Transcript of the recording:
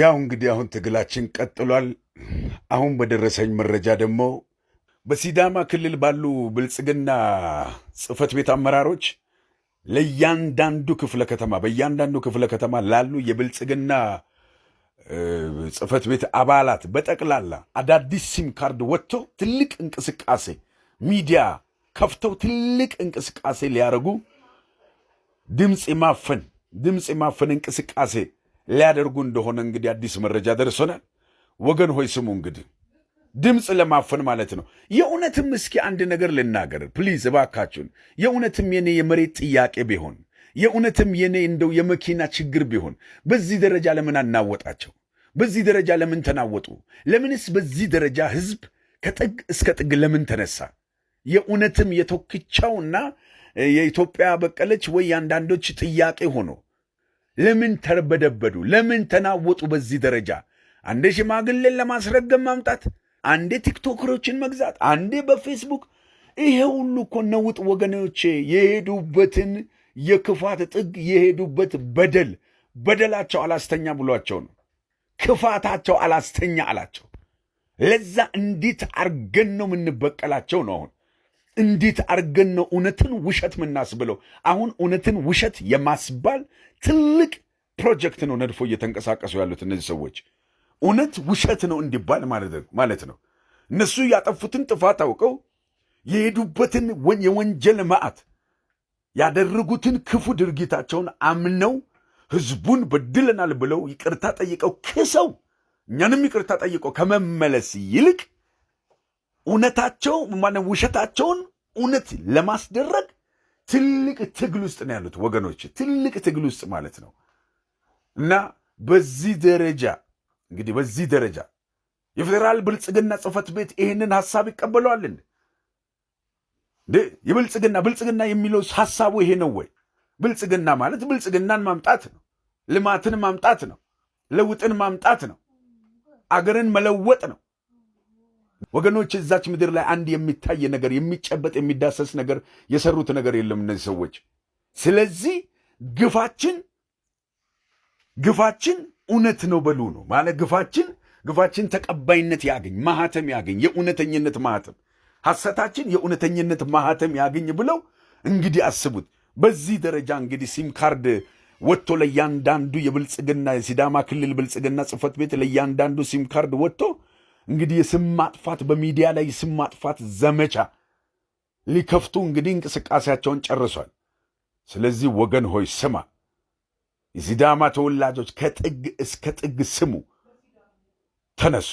ያው እንግዲህ አሁን ትግላችን ቀጥሏል። አሁን በደረሰኝ መረጃ ደግሞ በሲዳማ ክልል ባሉ ብልጽግና ጽህፈት ቤት አመራሮች ለእያንዳንዱ ክፍለ ከተማ በእያንዳንዱ ክፍለ ከተማ ላሉ የብልጽግና ጽህፈት ቤት አባላት በጠቅላላ አዳዲስ ሲም ካርድ ወጥቶ ትልቅ እንቅስቃሴ ሚዲያ ከፍተው ትልቅ እንቅስቃሴ ሊያደርጉ ድምፅ ማፈን ድምፅ ማፈን እንቅስቃሴ ሊያደርጉ እንደሆነ እንግዲህ አዲስ መረጃ ደርሶናል። ወገን ሆይ ስሙ እንግዲህ ድምፅ ለማፈን ማለት ነው። የእውነትም እስኪ አንድ ነገር ልናገር ፕሊዝ እባካችሁን። የእውነትም የኔ የመሬት ጥያቄ ቢሆን የእውነትም የኔ እንደው የመኪና ችግር ቢሆን በዚህ ደረጃ ለምን አናወጣቸው? በዚህ ደረጃ ለምን ተናወጡ? ለምንስ በዚህ ደረጃ ህዝብ ከጥግ እስከ ጥግ ለምን ተነሳ? የእውነትም የቶክቻውና የኢትዮጵያ በቀለች ወይ የአንዳንዶች ጥያቄ ሆኖ ለምን ተርበደበዱ? ለምን ተናወጡ በዚህ ደረጃ? አንዴ ሽማግሌን ለማስረገም ማምጣት፣ አንዴ ቲክቶክሮችን መግዛት፣ አንዴ በፌስቡክ ይሄ ሁሉ እኮ ነውጥ ወገኖቼ። የሄዱበትን የክፋት ጥግ የሄዱበት በደል በደላቸው አላስተኛ ብሏቸው ነው። ክፋታቸው አላስተኛ አላቸው። ለዛ እንዴት አርገን ነው የምንበቀላቸው ነው አሁን እንዴት አርገን ነው እውነትን ውሸት ምናስብለው? አሁን እውነትን ውሸት የማስባል ትልቅ ፕሮጀክት ነው ነድፎ እየተንቀሳቀሱ ያሉት እነዚህ ሰዎች። እውነት ውሸት ነው እንዲባል ማለት ነው። እነሱ ያጠፉትን ጥፋት አውቀው የሄዱበትን የወንጀል መዓት ያደረጉትን ክፉ ድርጊታቸውን አምነው ህዝቡን በድለናል ብለው ይቅርታ ጠይቀው ክሰው እኛንም ይቅርታ ጠይቀው ከመመለስ ይልቅ እውነታቸው ውሸታቸውን እውነት ለማስደረግ ትልቅ ትግል ውስጥ ነው ያሉት ወገኖች፣ ትልቅ ትግል ውስጥ ማለት ነው። እና በዚህ ደረጃ እንግዲህ በዚህ ደረጃ የፌዴራል ብልጽግና ጽህፈት ቤት ይህንን ሀሳብ ይቀበለዋልን? የብልጽግና ብልጽግና የሚለው ሀሳቡ ይሄ ነው ወይ? ብልጽግና ማለት ብልጽግናን ማምጣት ነው፣ ልማትን ማምጣት ነው፣ ለውጥን ማምጣት ነው፣ አገርን መለወጥ ነው። ወገኖች እዛች ምድር ላይ አንድ የሚታይ ነገር የሚጨበጥ የሚዳሰስ ነገር የሰሩት ነገር የለም እነዚህ ሰዎች። ስለዚህ ግፋችን ግፋችን እውነት ነው በሉ ነው ማለት ግፋችን ግፋችን ተቀባይነት ያገኝ ማህተም ያገኝ የእውነተኝነት ማህተም ሐሰታችን የእውነተኝነት ማህተም ያገኝ ብለው እንግዲህ አስቡት። በዚህ ደረጃ እንግዲህ ሲም ካርድ ወጥቶ ለእያንዳንዱ የብልጽግና የሲዳማ ክልል ብልጽግና ጽህፈት ቤት ለእያንዳንዱ ሲም ካርድ ወጥቶ እንግዲህ የስም ማጥፋት በሚዲያ ላይ የስም ማጥፋት ዘመቻ ሊከፍቱ እንግዲህ እንቅስቃሴያቸውን ጨርሷል። ስለዚህ ወገን ሆይ ስማ፣ የሲዳማ ተወላጆች ከጥግ እስከ ጥግ ስሙ፣ ተነሱ።